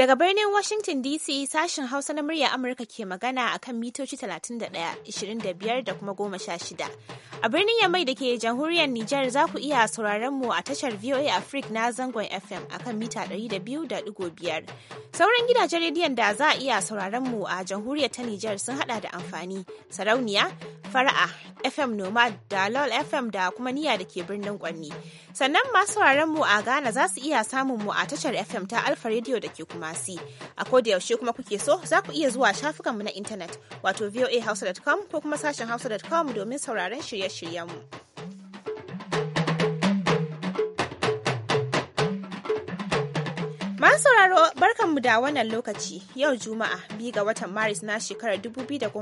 Daga birnin Washington DC sashen Hausa na murya Amurka ke magana a kan mitoci 31, 25 da kuma 16. A birnin Yamai da ke jamhuriyar Nijar za ku iya sauraron mu a tashar VOA Africa na zangon FM a kan mita 200.5. Sauran gidajen rediyon da za a iya sauraron mu a jamhuriyar ta Nijar sun hada da amfani, sarauniya, fara'a, FM Nomad da LOL FM da kuma niya da ke birnin Kwanni. Sannan masu sauraron mu a Ghana za su iya samun mu a tashar FM ta Alfa Radio da ke kuma kumasi. A koda yaushe kuma kuke so za ku iya zuwa shafukan mu na intanet wato voahausa.com ko kuma sashen hausa.com domin sauraron shirye-shiryenmu. Masu sauraro barkanmu da wannan lokaci yau Juma'a bi ga watan Maris na shekarar 2018.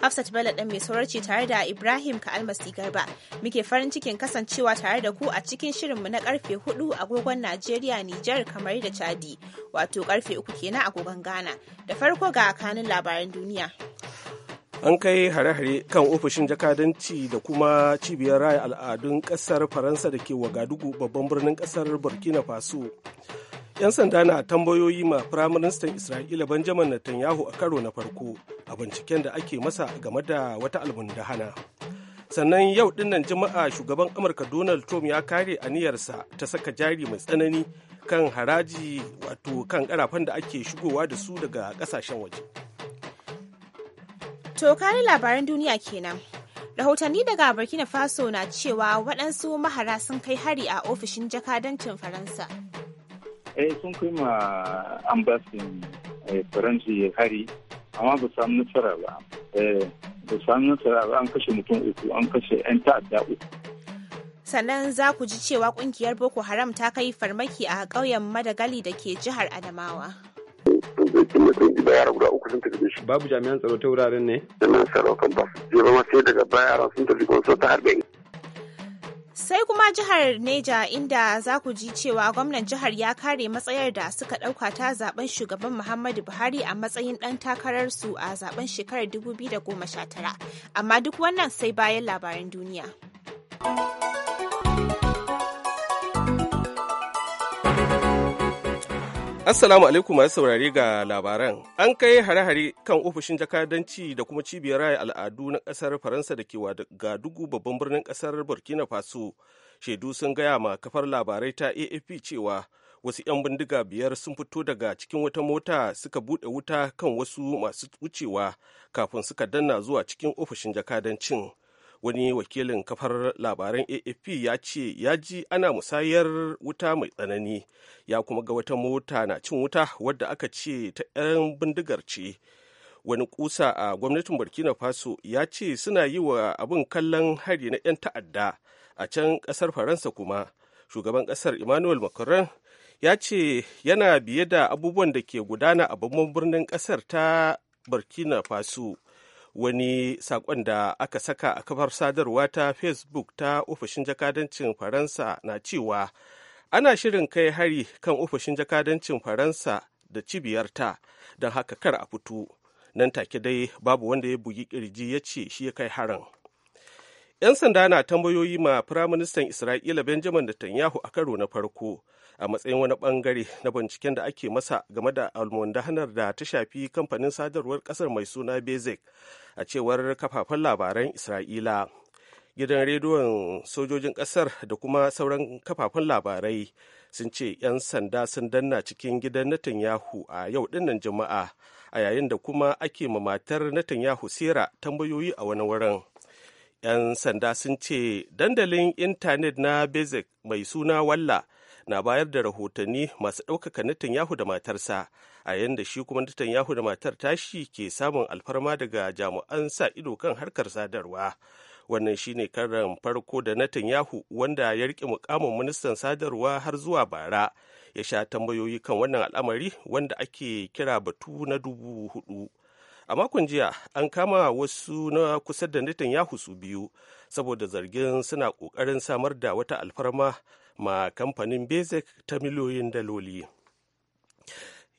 Hafsat Bello ɗan mai saurarci tare da Ibrahim ka almasi Garba. Muke farin cikin kasancewa tare da ku a cikin shirinmu na karfe 4 agogon Najeriya, Nijar, kamar da Chadi. Wato karfe 3 kenan agogon Ghana. Da farko ga kanin labaran duniya. an kai hare-hare kan ofishin jakadanci da kuma cibiyar raya al'adun kasar faransa da ke wagadugu babban birnin kasar burkina faso 'yan sanda na tambayoyi ma firaministan isra'ila benjamin netanyahu a karo na farko a binciken da ake masa game da wata almundahana sannan yau dinnan juma'a shugaban amurka donald trump ya kare aniyarsa ta saka jari mai tsanani kan haraji wato kan karafan da ake shigowa da su daga kasashen waje to labaran duniya kenan rahotanni daga burkina faso na cewa waɗansu mahara sun kai hari a ofishin jakadancin faransa eh sun kai ma ambasin eh, faransi hari amma ba samu nasara ba eh, ba samu nasara ba an kashe mutum uku an kashe 'yan ta'adda uku sannan za ku ji cewa kungiyar boko haram ta kai farmaki a ƙauyen madagali da ke jihar adamawa babu jami'an tsaro ta wuraren ne jami'an tsaro kan ba su je sai daga baya sun tafi kwanso ta harbe Sai kuma jihar Neja inda za ku ji cewa gwamnan jihar ya kare matsayar da suka ɗauka ta zaben shugaban Muhammadu Buhari a matsayin ɗan takararsu a zaben shekarar 2019. Amma duk wannan sai bayan labaran duniya. Assalamu alaikum masu saurare ga labaran. An kai hare-hare kan ofishin jakadanci da kuma cibiyar raya al'adu na kasar Faransa da ke ga dugu babban birnin ƙasar Burkina Faso. Shaidu sun gaya ma kafar labarai ta AFP cewa wasu 'yan bindiga biyar sun fito daga cikin wata mota suka buɗe wuta kan wasu masu wucewa kafin suka danna zuwa cikin ofishin jakadancin. wani wakilin kafar labaran afp ya ce ya ji ana musayar wuta mai tsanani ya kuma ga wata mota na cin wuta wadda aka ce ta 'yan bindigar ce wani kusa a gwamnatin burkina faso ya ce suna yi wa abin kallon hari na 'yan ta'adda a can kasar faransa kuma shugaban kasar emmanuel macron ya ce yana biye da abubuwan da ke gudana a babban birnin kasar ta burkina faso wani sakon da aka saka a kafar sadarwa ta facebook ta ofishin jakadancin faransa na cewa ana shirin kai hari kan ofishin jakadancin faransa da cibiyarta don haka kar a fito nan take dai babu wanda ya bugi kirji ya ce shi ya kai harin 'Yan sanda na tambayoyi ma Firaministan Isra'ila Benjamin Netanyahu a karo na farko a matsayin wani bangare na binciken da ake masa game da almundahanar da ta shafi kamfanin sadarwar kasar mai suna Bezek a cewar kafafen labaran Isra'ila. Gidan rediyon sojojin kasar da kuma sauran kafafen labarai sun ce 'yan sanda sun danna cikin gidan Netanyahu a yau dinnan jama'a a yayin da kuma ake ma matar Netanyahu sera tambayoyi a wani wurin. 'yan sanda sun ce dandalin intanet na bezek mai suna walla na bayar da rahotanni masu ɗaukaka yahu da matarsa a yadda shi kuma yahu da matar tashi ke samun alfarma daga jami'an sa ido kan harkar sadarwa. Wannan shine karan farko da yahu wanda ya rike mukamin ministan sadarwa har zuwa bara ya sha tambayoyi kan wannan al'amari wanda ake kira batu na dubu hudu. a makon jiya an kama wasu na kusa da netanyahu su biyu saboda zargin suna ƙoƙarin samar da wata alfarma ma kamfanin bezek ta miliyoyin daloli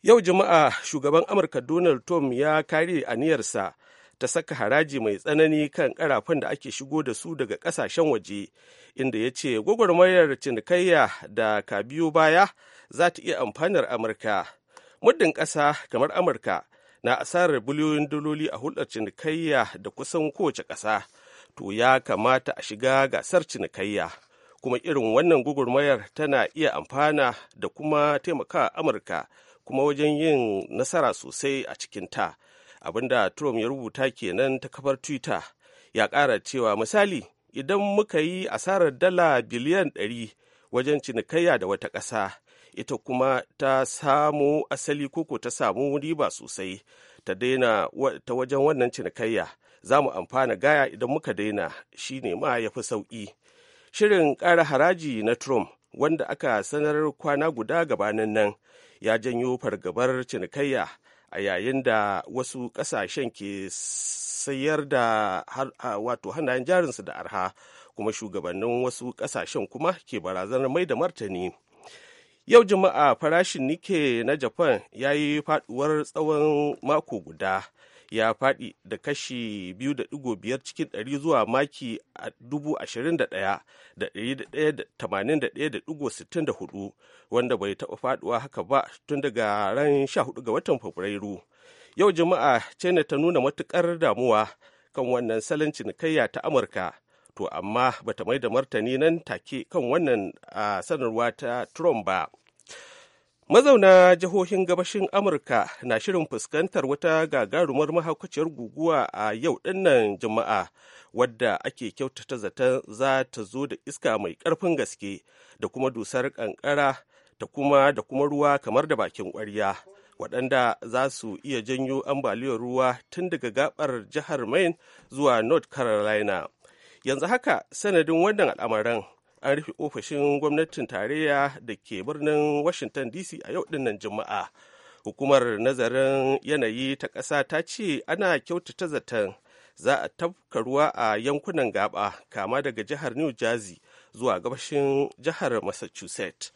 yau juma'a shugaban amurka donald trump ya kare aniyarsa ta saka haraji mai tsanani kan karafin da ake shigo da su daga kasashen waje inda ya ce gwagwarmayar cinikayya da ka biyo baya za ta iya amfanar amurka muddin ƙasa kamar amurka na asarar biliyoyin daloli a hulɗar cinikayya da kusan kowace ƙasa to ya kamata a shiga gasar cinikayya kuma irin wannan gugurmayar tana iya amfana da kuma taimaka amurka kuma wajen yin nasara sosai a cikin ta abinda trump ya rubuta kenan ta kafar twitter ya ƙara cewa misali idan muka yi asarar dala biliyan 100 wajen cinikayya da wata ƙasa ita kuma ta samu asali koko ta samu riba sosai ta daina ta wajen wannan cinikayya za mu amfana gaya idan muka daina shi ne ma ya fi sauƙi shirin ƙara haraji na trump wanda aka sanar kwana guda gabanin nan ya janyo fargabar cinikayya a yayin da wasu ƙasashen ke sayar da wato hannayen jarinsu da arha kuma shugabannin wasu ƙasashen kuma ke barazanar mai da martani yau juma'a farashin nike na japan ya yi faduwar tsawon mako guda ya faɗi da kashi 2.5 cikin 100 zuwa maki 21,181.64 wanda bai taɓa faɗuwa haka ba tun daga ran 14 ga watan fabrairu yau juma'a china ta nuna matuƙar damuwa kan wannan salon cinikayya ta amurka to amma bata mai da martani nan take kan wannan a sanarwa ta trump ba mazauna jihohin gabashin amurka na shirin fuskantar wata gagarumar mahaukaciyar guguwa a yau dinnan juma'a wadda ake kyautata zaton za ta zo da iska mai ƙarfin gaske da kuma dusar ƙanƙara ta kuma da kuma ruwa kamar da bakin ƙwarya, waɗanda za su iya janyo ambaliyar ruwa tun daga gabar jihar maine zuwa north carolina yanzu haka sanadin wannan al'amarin an rufe ofishin gwamnatin tarayya da ke birnin washington dc a yau dinnan juma'a hukumar nazarin yanayi ta ƙasa ta ce ana kyautata zaton za a tafka ruwa a yankunan gaba kama daga jihar new jersey zuwa gabashin jihar massachusetts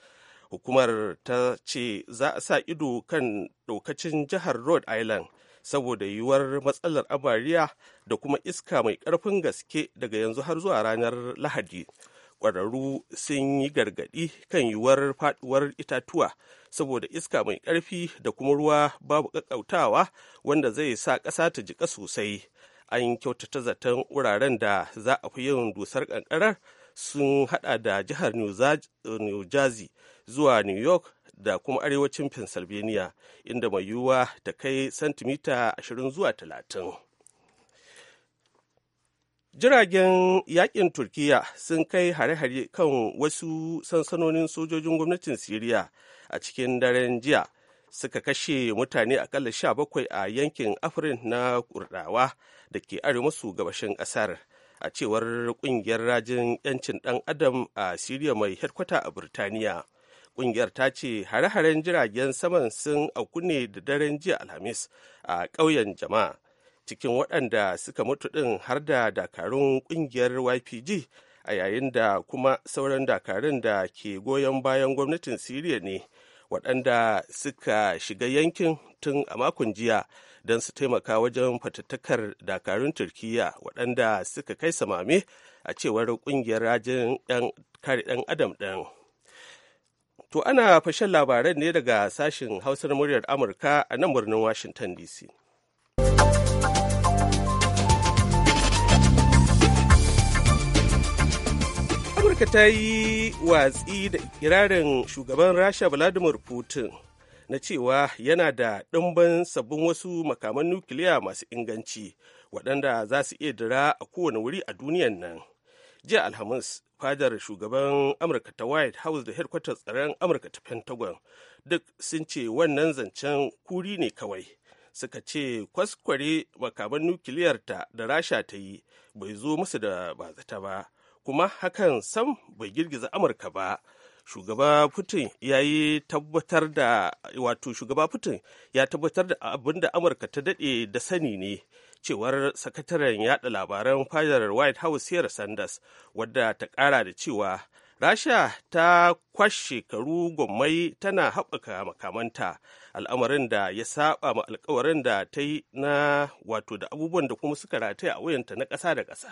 hukumar ta ce za a sa ido kan ɗaukacin jihar rhode island saboda yiwuwar matsalar ambaliya da kuma iska mai ƙarfin gaske daga yanzu har zuwa ranar lahadi ƙwararru sun yi gargaɗi kan yiwuwar faɗuwar itatuwa saboda iska mai ƙarfi da kuma ruwa babu ƙaƙƙautawa wanda zai sa ƙasa ta jiƙa sosai an kyautata zaton wuraren da za a fi yin dusar ƙanƙarar sun hada da jihar new jersey zuwa new york da kuma arewacin pennsylvania inda mai yiwuwa ta kai santimita 20 zuwa 30 jiragen yakin turkiya sun kai hare-hare kan wasu sansanonin sojojin gwamnatin siriya a cikin daren jiya suka kashe mutane akalla 17 a yankin afirin na kurdawa da ke arewa maso gabashin kasar a cewar kungiyar rajin 'yancin dan adam a siriya mai hedkwata a burtaniya Ƙungiyar ta ce hare-haren jiragen saman sun auku ne da daren jiya Alhamis a ƙauyen jama'a. Cikin waɗanda suka mutu ɗin har da dakarun ƙungiyar YPG a yayin da kuma sauran dakarun da ke goyon bayan gwamnatin Siriya ne waɗanda suka shiga yankin tun a makon jiya don su taimaka wajen fatattakar dakarun turkiya waɗanda suka kai samame a cewar ƙungiyar rajin 'yan kare ɗan adam ɗin. To ana fashin labaran ne daga sashen hausar muryar Amurka a nan birnin Washington DC. Amurka ta yi watsi da kirarin shugaban Rasha Vladimir Putin na cewa yana da ɗimbin sabbin wasu makaman nukiliya masu inganci waɗanda za su iya dira a kowane wuri a duniyan nan. jiya alhamis fadar shugaban amurka ta white house da headquarters tsaron amurka ta pentagon duk sun ce wannan zancen kuri ne kawai suka ce kwaskware makaman nukiliyarta da rasha ta yi bai zo musu da bazata ba kuma hakan sam bai girgiza amurka ba shugaba putin ya yi tabbatar da wato shugaba putin ya tabbatar da abin amurka ta daɗe da sani ne cewar sakataren yada labaran fadar white house sarah sanders wadda ta kara da cewa rasha ta kwashe shekaru gwammai tana haɓaka makamanta al'amarin da ya saba ma alkawarin da ta yi na wato da abubuwan da kuma suka rataya a wuyanta na ƙasa da ƙasa.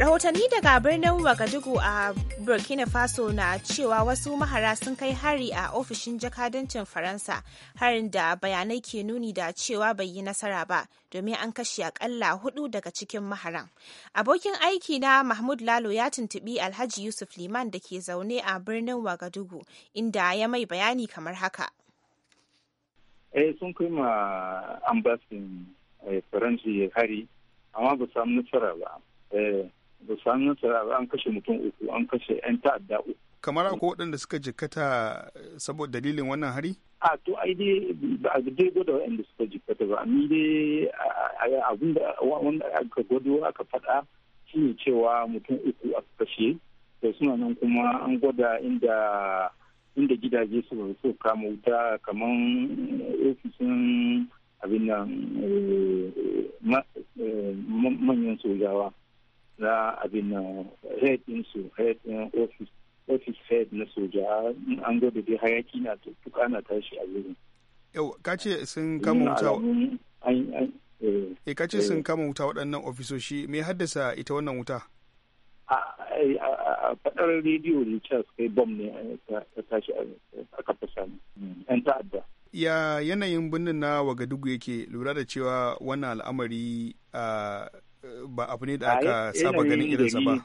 rahotanni daga birnin wagadugu a burkina faso na cewa wasu mahara sun kai hari a ofishin jakadancin faransa harin da bayanai ke nuni da cewa bai yi nasara ba domin an kashe akalla hudu daga cikin maharan abokin aiki na mahmud lalo ya tuntubi alhaji yusuf liman da ke zaune a birnin wagadugu inda ya mai bayani kamar haka eh sun ambasin eh, faransa hari amma ba samu nasara ba eh, da samun an kashe mutum uku an kashe 'yan ta'adda uku kamar akwai waɗanda suka jikkata saboda dalilin wannan hari a to ai dai ba a dai gwada waɗanda suka jikata ba ni dai abin da wanda aka gwado aka faɗa shine cewa mutum uku aka kashe da suna nan kuma an gwada inda inda gidaje su ba so kama wuta kamar ofisin abin nan eh, eh, manyan sojawa na abin nan head su head din eh, office office head na soja an gode dai hayaki na tuka na tashi a wurin yau ka ce sun kama wuta eh, eh ka ce sun eh. kama wuta waɗannan ofisoshi me haddasa ita wannan wuta a fadar rediyo ne charles kai bom ne ta tashi a kafa sami yan ta'adda ya yanayin birnin na wagadugu yake lura da cewa wannan al'amari a. Ah, ba abu ne da aka saba ganin irinsa ba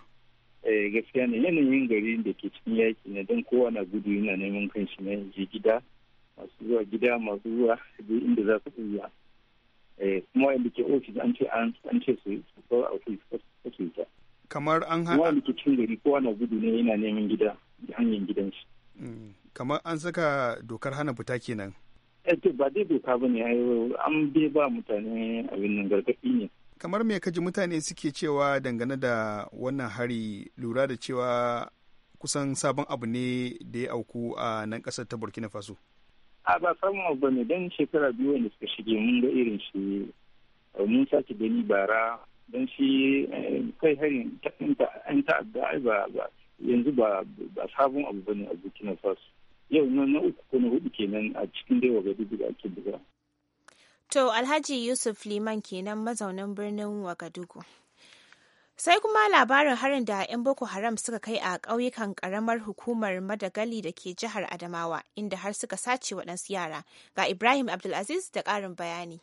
eh, gaskiya ne yanayin gari da ke cikin yaki ne don kowane gudu yana neman shi na je gida masu zuwa gida masu zuwa duk inda za su iya eh, kuma wanda ke ofis an ce an ce su su a ofis su ta kamar an hana wanda ke cikin gari kowane gudu ne yana neman gida hanyar gidan shi mm. kamar an saka dokar hana fita kenan eh ba dai doka ba bane an bai ba mutane abin nan gargaɗi ne kamar me kaji mutane suke cewa dangane da wannan hari lura da cewa kusan sabon abu ne da ya auku a nan kasar ta burkina faso a ba sabon abu ne don shekara biyu wanda suka shige mun ga irin shi mun sake gani bara don shi eh, kai hari an ta'adda ai ba yanzu ba sabon abu bane a burkina faso yau na uku ko na hudu kenan a cikin dai waga dubu da ake buga To Alhaji Yusuf Liman kenan mazaunin birnin Wagadugu. Sai kuma labarin harin da 'yan Boko Haram suka kai a ƙauyukan ƙaramar hukumar Madagali da ke jihar Adamawa, inda har suka sace waɗansu yara. Ga Ibrahim Abdulaziz da ƙarin bayani.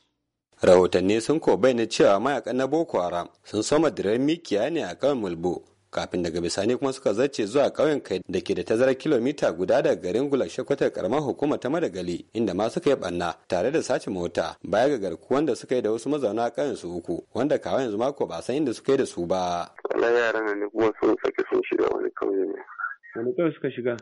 Rahotanni sun ko bayyana cewa mayakan na Boko Haram sun soma diren mikiya ne a kan Mulbo kafin daga bisani kuma suka zace zuwa ƙauyen kai da ke da tazarar kilomita guda daga garin gulashe kwatar karamar hukumar ta madagali inda ma suka yi banna tare da sace mota baya ga garkuwan da suka yi da wasu mazauna ƙauyen su uku wanda kawo yanzu mako ba san inda suka yi da su ba. Kala yaran ne kuma sun sake sun shiga wani ƙauye ne. Wani ƙauye suka shiga?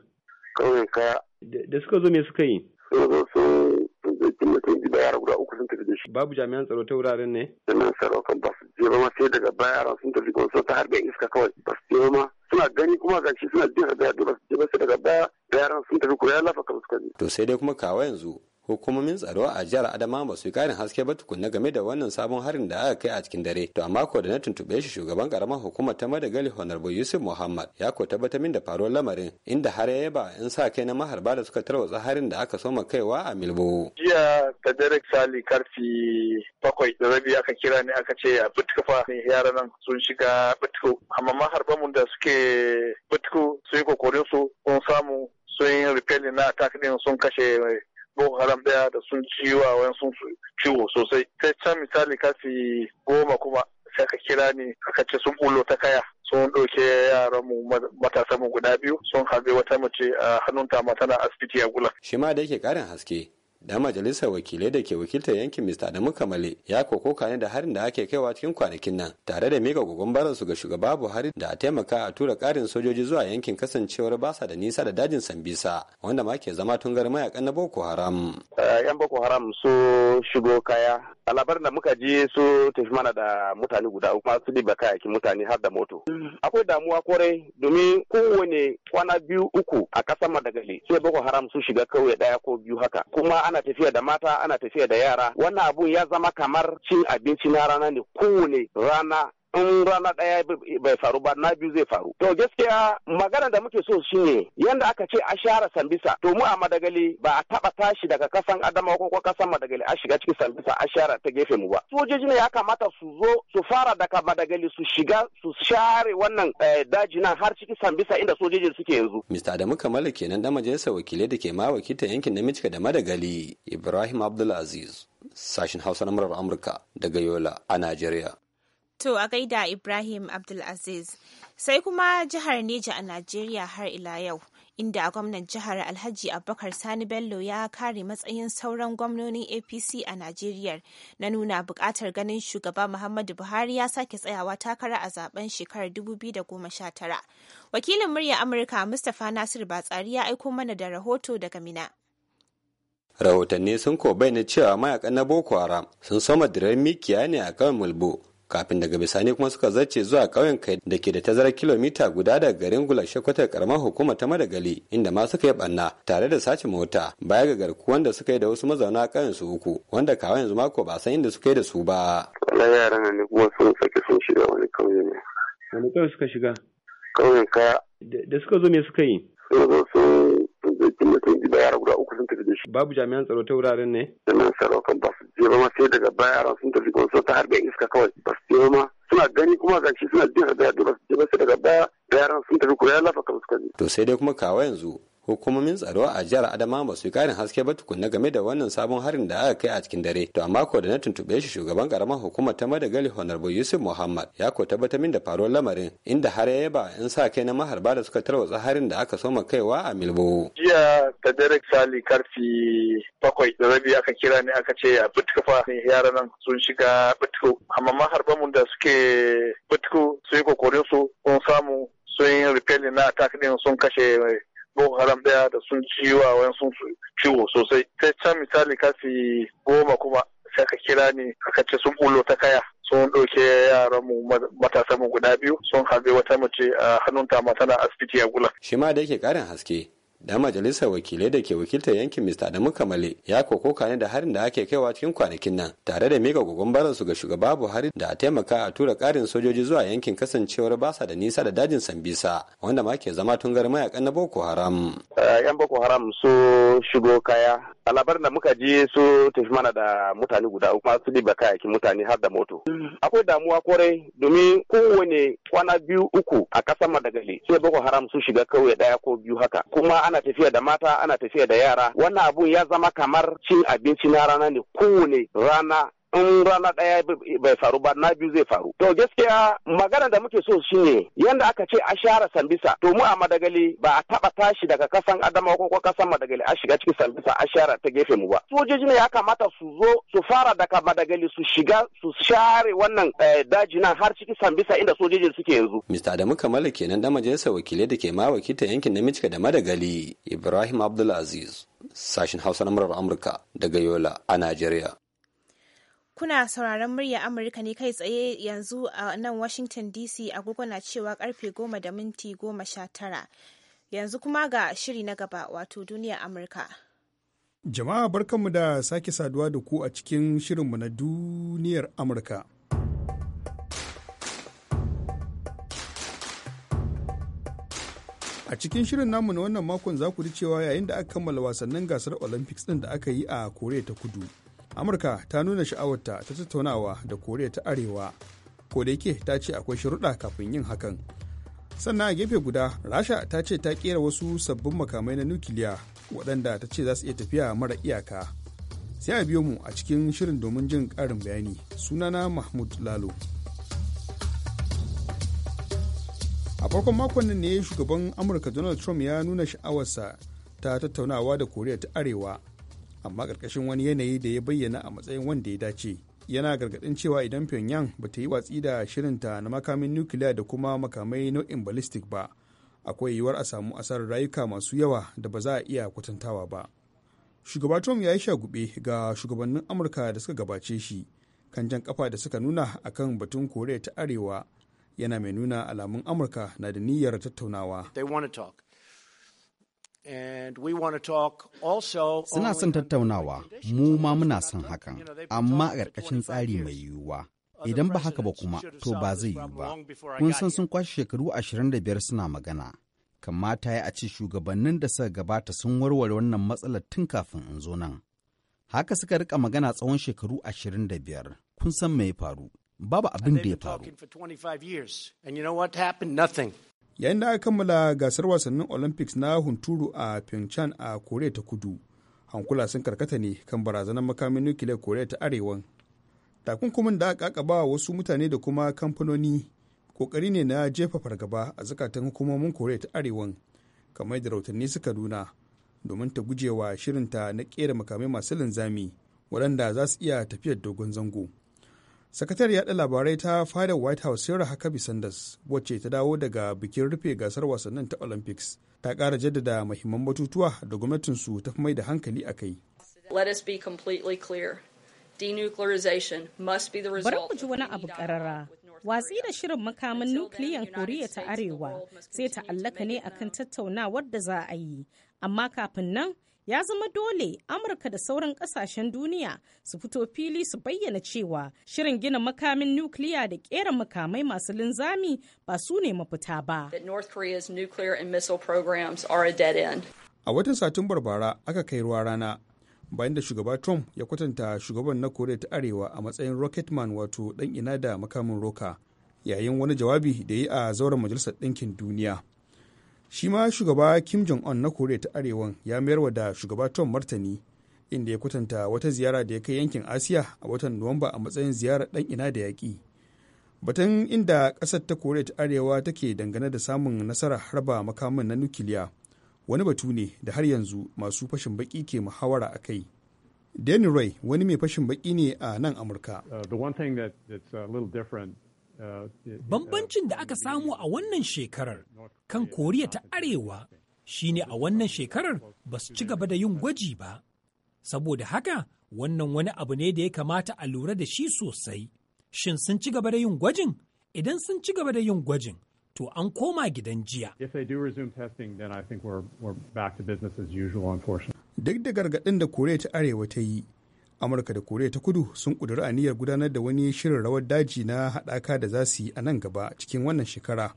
Ƙauyen kaya. Da suka zo me suka yi? Sun zo sun tun mutum gida yara guda uku sun tafi da shi. Babu jami'an tsaro ta wuraren ne? Jami'an tsaro kan ba su je ba ma sai daga baya yaran sun tafi kuma ta harbe iska kawai ba su je ma suna gani kuma ga shi suna jin da ba su je ba sai daga baya yaran sun tafi kuma ya lafa kamar suka je. To sai dai kuma kawa yanzu hukumomin tsaro a jihar adama ba su yi karin haske ba tukunna game da wannan sabon harin da aka kai a cikin dare to a mako da na tuntuɓe shi shugaban karamar hukumar ta madagali honorable yusuf muhammad ya ko tabbatar min da faruwar lamarin inda har ya ba in sa kai na maharba da suka tarwatsa harin da aka soma kaiwa a milbo jiya da dare sali karfi bakwai da rabi aka kira ne aka ce a bitkafa fa yaran nan sun shiga bitko amma maharba mun da suke bitko sun yi kokorin su sun samu sun yi repelling na attack din sun kashe boko haram ɗaya da sun ciwa wayan sun ciwo sosai sai can misali kafi goma kuma sai ka kira ni ka ce sun bullo ta kaya sun ɗauke yaran mu matasan mu guda biyu sun haɗe wata mace a hannunta ta tana asibiti a gula. Shi ma da yake ƙarin haske da majalisar wakilai da ke wakiltar yankin mr adamu kamale ya kokoka ne da harin da ake kaiwa cikin kwanakin nan tare da mika gogon su ga shugaba buhari da a taimaka a tura karin sojoji zuwa yankin kasancewar basa da nisa da dajin sambisa wanda ma ke zama tungar mayakan na boko haram eh, yan boko haram su shigo kaya a labarin da muka ji su tafi mana da mutane guda uku su ɗiba kayakin mutane har da moto akwai damuwa kwarai domin kowane kwana biyu uku a ƙasar madagali sai boko haram su shiga kauye ɗaya ko biyu haka kuma ana tafiya da mata ana tafiya da yara wannan abun ya zama kamar cin abinci na rana ne kowane rana in rana ɗaya bai faru ba na biyu zai faru. To gaskiya magana da muke so ne yadda aka ce a share sambisa to mu a madagali ba a taɓa tashi daga kasan adama ko kasan madagali a shiga cikin sambisa a share ta gefe mu ba. Sojoji ne ya kamata su zo su fara daga madagali su shiga su share wannan eh, daji nan har cikin sambisa inda sojoji suke yanzu. Mr. Adamu Kamala kenan dan majalisar wakilai da ke ma wakilta yankin na da Madagali Ibrahim Abdulaziz sashen Hausa na murar Amurka daga Yola a Najeriya. To a gaida Ibrahim Abdulaziz. Sai kuma jihar Neja a Najeriya har ila yau, inda gwamnan jihar Alhaji Abubakar Sani Bello ya kare matsayin sauran gwamnonin APC a Najeriya na nuna bukatar ganin shugaba Muhammadu Buhari ya sake tsayawa takara a zaben shekarar 2019. Wakilin murya Amurka Mustapha Nasir Batsari ya aiko mana da rahoto daga Mina. Rahotanni sun kobai bayyana cewa mayakan na Boko Haram sun sama diren mikiya ne a kan Mulbo kafin daga bisani kuma suka zace zuwa ƙauyen kai da ke da tazarar kilomita guda daga garin gula kwatar karamar hukuma ta madagali inda ma suka yi banna tare da sace mota baya ga garkuwan da suka yi da wasu mazauna ƙauyen su uku wanda kawo yanzu mako ba san inda suka yi da su ba. Kala yaran ne kuma sun sake sun shiga wani ƙauye ne. Wani ƙauye suka shiga? Ƙauyen kaya. Da suka zo me suka yi? Sun zo sun sun tafi da shi babu jami'an tsaro ta wuraren ne jami'an tsaro kan ba su je ba ma sai daga baya yaran sun tafi gonso ta harbe iska kawai ba su je ma suna gani kuma gashi suna jin da ba su je ba sai daga baya yaran sun tafi kuma ya lafa kan suka je to sai dai kuma kawa yanzu hukumomin tsaro a jihar adama ba su karin haske ba tukunna game da wannan sabon harin da aka kai a cikin dare to amma ko da na tuntube shi shugaban karamar hukumar ta madagali honorable yusuf muhammad ya ko tabbata min da faruwar lamarin inda har ya ba in sa kai na maharba da suka tarwatsa harin da aka soma kaiwa a milbo jiya da dare sali karfi bakwai da rabi aka kira ni aka ce ya bitka fa yaran nan sun shiga bitko amma maharba mu da suke bitko sun yi kokorin su sun samu sun yi repelling na attack din sun kashe boko haram daya da sun ciwa sun ciwo sosai sai can misali kafi goma kuma sai ka kira ni aka ce sun bullo ta kaya sun ɗauke yaran mu matasan mu guda biyu sun haɗe wata mace a hannun ta tana asibiti a gula. Shi ma da yake ƙarin haske da majalisar wakilai da ke wakiltar yankin mr adamu kamale ya kokoka ne da harin da ake kaiwa cikin kwanakin nan tare da mika gogon su ga shugaba buhari da a taimaka a tura karin sojoji zuwa yankin kasancewar basa da nisa da dajin sambisa wanda ma ke zama tungar mayakan na boko haram eh, yan boko haram su shigo kaya a labarin da muka ji su tafi mana da mutane guda uku masu diba kayakin mutane har da moto akwai damuwa kwarai domin kowane kwana biyu uku a ƙasar madagali sai boko haram su shiga kauye ɗaya ko biyu haka kuma ana tafiya da mata ana tafiya da yara wannan abun ya zama kamar cin abinci na rana ne kowane rana in rana ɗaya bai faru ba na biyu zai faru. To gaskiya magana da muke so shi ne yadda aka ce a share sambisa to mu a madagali ba a taɓa tashi daga kasan adama ko kasan madagali a shiga cikin sambisa a share ta gefe mu ba. Sojoji ne ya kamata su zo su fara daga madagali su shiga su share wannan eh, daji nan har cikin sambisa inda sojoji suke yanzu. Mr. Adamu Kamala kenan da majalisar wakilai da ke ma wakiltar yankin na da Madagali Ibrahim Abdulaziz sashin Hausa na murar Amurka daga Yola a Najeriya. kuna sauraron murya Amurka ne kai tsaye yanzu a nan Washington DC agogo na cewa karfe goma da minti goma sha tara. Yanzu kuma ga shiri na gaba wato duniya Amurka. Jama'a barkanmu da sake saduwa da ku a cikin shirinmu na duniyar Amurka. A cikin shirin namu na wannan makon za ku ji cewa yayin da aka kammala wasannin gasar Olympics din da aka yi a Koriya ta Kudu. amurka ta nuna sha'awarta ta tattaunawa da koriya ta arewa ko da yake ta ce akwai sharuɗa kafin yin hakan sannan a gefe guda rasha ta ce ta kera wasu sabbin makamai na nukiliya waɗanda ta ce za su iya tafiya mara iyaka sai a biyo mu a cikin shirin domin jin ƙarin bayani sunana mahmud lalo a farkon makon nan ne shugaban amurka donald trump ya nuna sha'awarsa ta tattaunawa da koriya ta arewa amma ƙarƙashin wani yanayi da ya bayyana a matsayin wanda ya dace yana gargaɗin cewa idan pyongyang ba ta yi watsi da shirinta na makamin nukiliya da kuma makamai nau'in ballistic ba akwai yiwuwar a samu asarar rayuka masu yawa da ba za a iya kwatantawa ba shugaba trump ya yi shagube ga shugabannin amurka da suka gabace shi kan jan kafa da suka nuna akan batun koriya ta arewa yana mai nuna alamun amurka na da niyyar tattaunawa Suna son tattaunawa, mu ma muna son hakan, amma a ƙarƙashin tsari mai yiwuwa. Idan ba haka ba kuma, to ba zai yiwu ba. Kun san sun kwashe shekaru biyar suna magana. Kamata ya a ce shugabannin da suka gabata sun warware wannan matsalar tun kafin in zo nan. Haka suka rika magana tsawon shekaru ashirin da biyar Kun san me ya faru? Babu abin da ya faru. yayin da aka kammala gasar wasannin olympics na hunturu a pyeongchang a korea ta kudu hankula sun karkata ne kan barazanar makamin nukiliyar korea ta arewa takunkumin da aka bawa wasu mutane da kuma kamfanoni kokari ne na jefa fargaba a zakatan hukumomin korea ta arewa kamar da rautanni suka nuna domin ta gujewa shirinta na kera makamai masu linzami waɗanda za su iya tafiyar dogon zango sakatar yaɗa labarai ta fadar white house sarah huckabee sanders wacce ta dawo daga bikin rufe gasar wasannin ta olympics ta kara jaddada mahimman batutuwa da gwamnatin su ta fi mai da hankali a kai bari ku ji wani abu karara watsi da shirin makamin nukiliyan koriya ta arewa sai ta allaka ne akan tattaunawar da za a yi amma kafin nan ya zama dole amurka da sauran kasashen duniya su fito fili su bayyana cewa shirin gina makamin nukiliya da kera makamai masu linzami ba su ne mafita ba a watan satumbar bara aka kai ruwa rana bayan da shugaba trump ya kwatanta shugaban na koriya ta arewa a matsayin man wato dan ina da makamin roka yayin wani jawabi da yi a zauren majalisar ɗinkin duniya shi ma shugaba kim jong un na koriya ta arewan ya wa da shugaba tom martani inda ya kwatanta wata ziyara da ya kai yankin asiya a watan nuwamba a matsayin ziyarar dan ina da yaƙi batun inda ƙasar ta korea ta arewa take dangane da samun nasara harba makamin na nukiliya wani batu ne da har yanzu masu fashin baki ke muhawara a kai danny roy wani mai fashin baki ne a nan amurka uh, Bambancin da aka samu a wannan shekarar kan Koriya ta Arewa shi ne a wannan shekarar ba su ci gaba da yin gwaji ba. Saboda haka wannan wani abu ne da ya kamata a lura da shi sosai. Shin sun ci gaba da yin gwajin? Idan sun ci gaba da yin gwajin, to an koma gidan jiya. Duk da gargaɗin da Koriya ta Arewa ta yi, amurka da koriya ta kudu sun ƙudiri aniyar gudanar da wani shirin rawar daji na haɗaka da za su yi a nan gaba cikin wannan shekara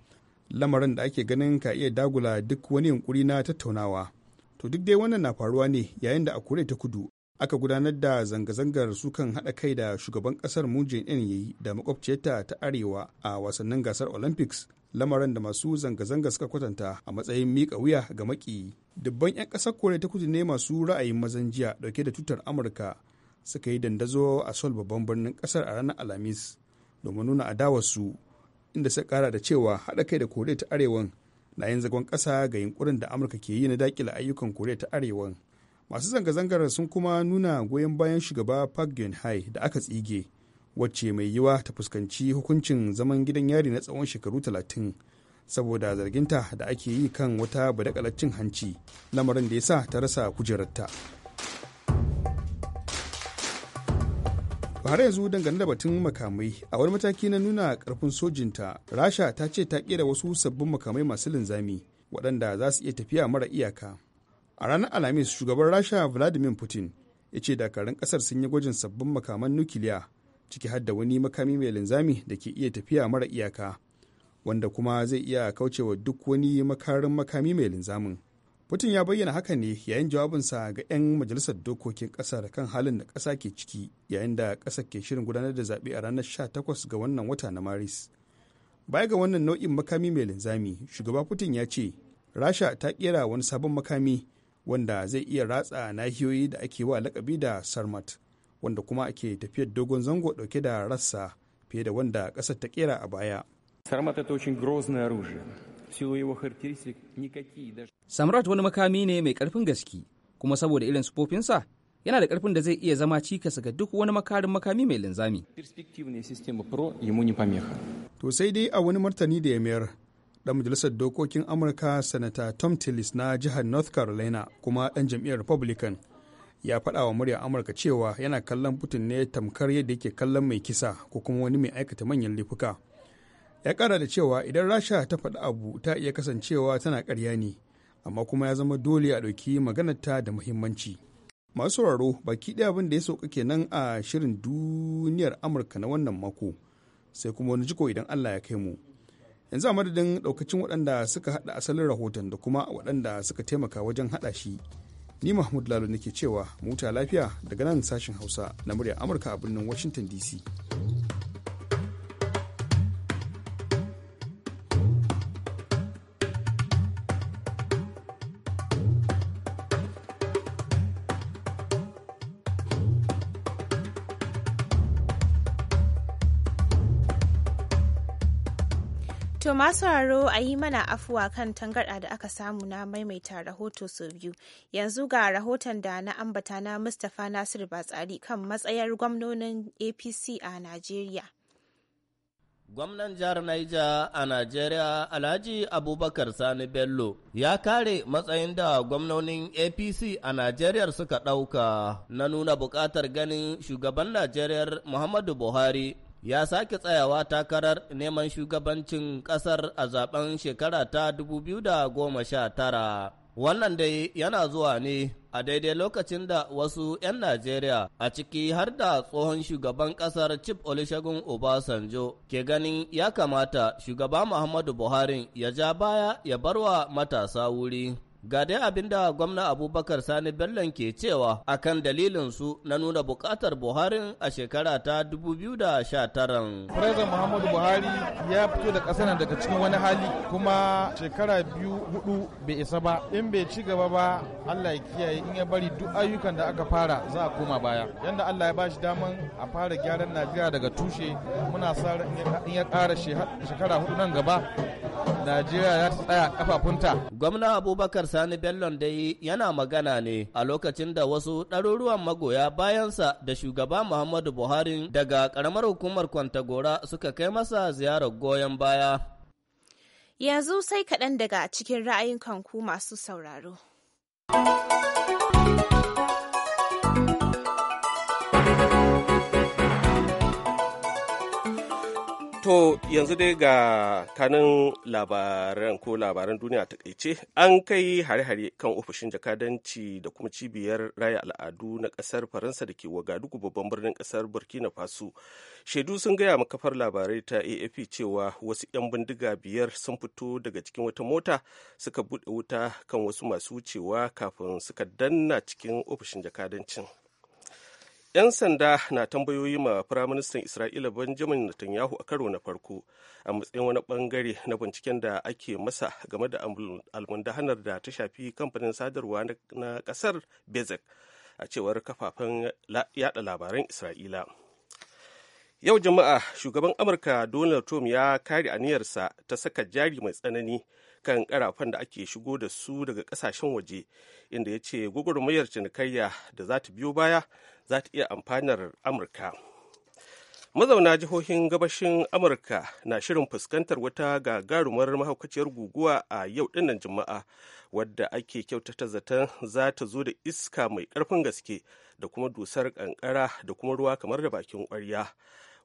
lamarin da ake ganin ka iya dagula duk wani yunkuri na tattaunawa to duk dai wannan na faruwa ne yayin da a koriya ta kudu aka gudanar da zanga-zangar sukan haɗa kai da shugaban ƙasar Moon jae ya yayi da makwabciyarta ta arewa a wasannin gasar Olympics lamarin da masu zanga-zanga suka kwatanta a matsayin miƙa wuya ga maki. Dubban 'yan ƙasar Koriya ta kudu ne masu ra'ayin mazan jiya ɗauke da tutar Amurka suka yi dandazo a sol babban birnin kasar a ranar alhamis domin nuna adawarsu inda suka kara da cewa haɗa kai da koriya ta arewan na yin zagon ƙasa ga yunkurin da amurka ke yi na dakila ayyukan koriya ta arewan masu zanga-zangar sun kuma nuna goyon bayan shugaba park geun da aka tsige wacce mai yiwa ta fuskanci hukuncin zaman gidan yari na tsawon shekaru talatin saboda zarginta da ake yi kan wata badakalaccin cin hanci lamarin da ya sa ta rasa kujerarta. har yanzu dangane da batun makamai a wani mataki na nuna karfin sojinta rasha ta ce ta kera wasu sabbin makamai masu linzami waɗanda za su iya tafiya mara iyaka a ranar alhamis shugaban rasha vladimir putin ya ce dakarun ƙasar sun yi gwajin sabbin makaman nukiliya ciki har wani makami mai linzami da ke iya tafiya mara iyaka wanda kuma zai iya kaucewa duk wani makarin makami mai linzamin Putin ya bayyana haka ne yayin jawabinsa ga 'yan majalisar dokokin ƙasar kan halin da ƙasa ke ciki yayin da ƙasar ke shirin gudanar da zaɓe a ranar 18 ga wannan wata na Maris. Baya ga wannan nau'in makami mai linzami, shugaba Putin ya ce, Rasha ta ƙera wani sabon makami wanda zai iya ratsa nahiyoyi da ake wa lakabi da Sarmat, wanda kuma ake tafiyar dogon zango ɗauke da rassa fiye da wanda ƙasar ta kera a baya. Sarmat Samrat wani makami ne mai karfin gaske kuma saboda irin sufofinsa yana da karfin da zai iya zama cikasa ga duk wani makarin makami mai linzami. To sai dai a wani martani da ya mayar dan majalisar dokokin Amurka sanata Tom Tillis na jihar North Carolina kuma dan jam'iyyar Republican ya faɗa wa muryar Amurka cewa yana kallon Putin ne tamkar yadda yake kallon mai kisa ko kuma wani mai aikata manyan lifuka ya kara da cewa idan rasha ta faɗi abu ta iya kasancewa tana karya ne amma kuma ya zama dole a ɗauki maganarta da muhimmanci masu sauraro baki ɗaya abin da ya sauka kenan a shirin duniyar amurka na wannan mako sai kuma wani jiko idan allah ya kai mu yanzu a madadin ɗaukacin waɗanda suka haɗa asalin rahoton da kuma waɗanda suka taimaka wajen haɗa shi ni mahmud lalo nake cewa muta lafiya daga nan sashen hausa na muryar amurka a birnin washington dc To masu haro a yi mana afuwa kan tangarɗa da aka samu na maimaita rahoto sau biyu. Yanzu ga rahoton da na ambata na Mustapha Nasiru Batsari kan matsayar gwamnonin APC a Najeriya. Gwamnan jihar Naija a Najeriya Alhaji Abubakar Sani Bello ya kare matsayin da gwamnonin APC a Najeriya suka ɗauka na nuna buƙatar ganin shugaban Najeriya Muhammadu Buhari ya sake tsayawa takarar neman shugabancin ƙasar a zaben shekara ta 2019. Wannan dai yana zuwa ne a daidai lokacin da wasu 'yan Najeriya a ciki har da tsohon shugaban ƙasar Chip Olusegun Obasanjo ke ganin ya kamata shugaba Muhammadu Buhari ya ja baya ya barwa matasa wuri. Ga dai abin da gwamna Abubakar Sani Bello ke cewa akan dalilin su na nuna bukatar Buharin a shekara ta 2019. Firazan Muhammadu Buhari ya fito da ƙasar daga cikin wani hali kuma shekara biyu hudu bai isa ba. In bai ci gaba ba Allah ya kiyaye in ya bari duk ayyukan da aka fara za a koma baya. Yanda Allah ya bashi daman a fara gyaran Najeriya daga tushe muna sa in ya ƙara shekara hudu nan gaba Najeriya ya tsaya kafafunta. Gwamna Abubakar Sani Bellon dai yana magana ne a lokacin da wasu ɗaruruwan magoya bayansa da shugaba Muhammadu Buhari daga ƙaramar hukumar Kwantagora suka kai masa ziyarar goyon baya. Yanzu sai kaɗan daga cikin ra'ayin kanku masu sauraro. To yanzu dai ga kanin labaran ko labaran duniya ta kaice an kai hare-hare kan ofishin jakadanci da kuma cibiyar raya al'adu na kasar Faransa da ke Wagadugu babban birnin kasar Burkina Faso. Shaidu sun gaya makafar labarai ta AFP cewa wasu 'yan bindiga biyar sun fito daga cikin wata mota suka buɗe wuta kan wasu masu wucewa kafin suka danna cikin ofishin jakadancin. 'Yan sanda na tambayoyi ma Firaministan Isra'ila Benjamin Netanyahu a karo na farko a matsayin wani bangare na binciken da ake masa game da almundahanar da ta shafi kamfanin sadarwa na kasar Bezek a cewar kafafen yada labaran Isra'ila. Yau jama'a shugaban Amurka Donald Trump ya kare aniyarsa ta saka jari mai tsanani kan karafan da ake shigo da su daga kasashen waje inda ya ce gwagwarmayar cinikayya da za ta biyo baya za ta iya amfanar amurka mazauna jihohin gabashin amurka na shirin fuskantar wata gagarumar mahaukaciyar guguwa a yau dinnan juma'a wadda ake kyautata zaton za ta zo da iska mai karfin gaske da kuma dusar kankara da kuma ruwa kamar da bakin kwarya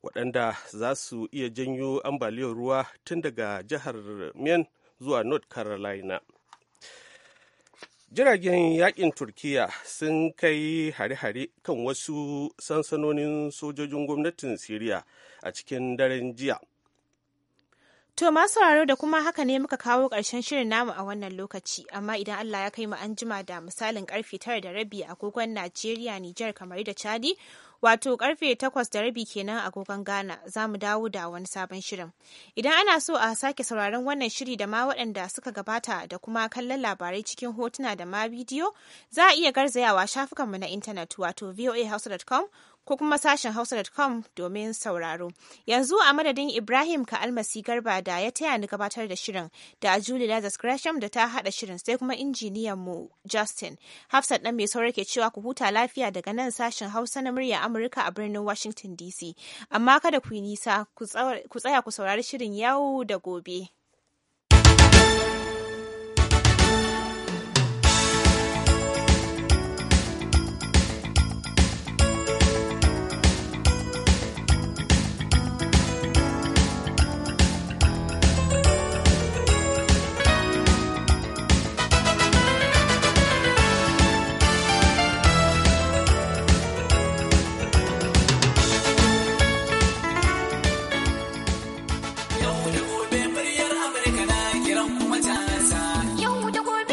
waɗanda za su iya janyo ambaliyar ruwa tun daga jihar maine zuwa north carolina jiragen yakin turkiya sun kai hare-hare kan wasu sansanonin sojojin gwamnatin syria a cikin daren jiya To masu sauraro da kuma haka ne muka kawo ƙarshen shirin namu a wannan lokaci, amma idan Allah ya kai mu an jima da misalin karfe tara da rabi a agogon Najeriya, Nijar, kamar da Chadi, wato karfe takwas da rabi kenan a agogon ghana za mu dawo da wani sabon shirin idan ana so a sake sauraron wannan shiri da ma waɗanda suka gabata da kuma kallon labarai cikin hotuna da ma bidiyo za a iya garzayawa shafukanmu na intanet wato voahausa.com ko kuma sashen hausa.com domin sauraro. Yanzu a madadin Ibrahim ka almasi garba da ya taya ni gabatar da shirin da a Julie Lazarus Gresham da ta haɗa shirin sai kuma injiniyan mu Justin. Hafsat ɗan mai saurar ke cewa ku huta lafiya daga nan sashen hausa na murya Amurka a birnin Washington DC. Amma kada ku yi nisa ku tsaya ku saurari shirin yau da gobe.